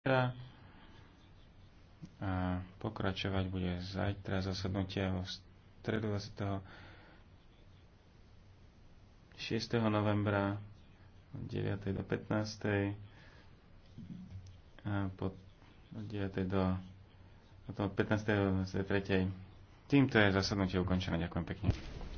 A pokračovať bude zajtra zasadnutie v stredu 6. novembra od 9. do 15. A pod, od 9. do od 15. do 23. Týmto je zasadnutie ukončené. Ďakujem pekne.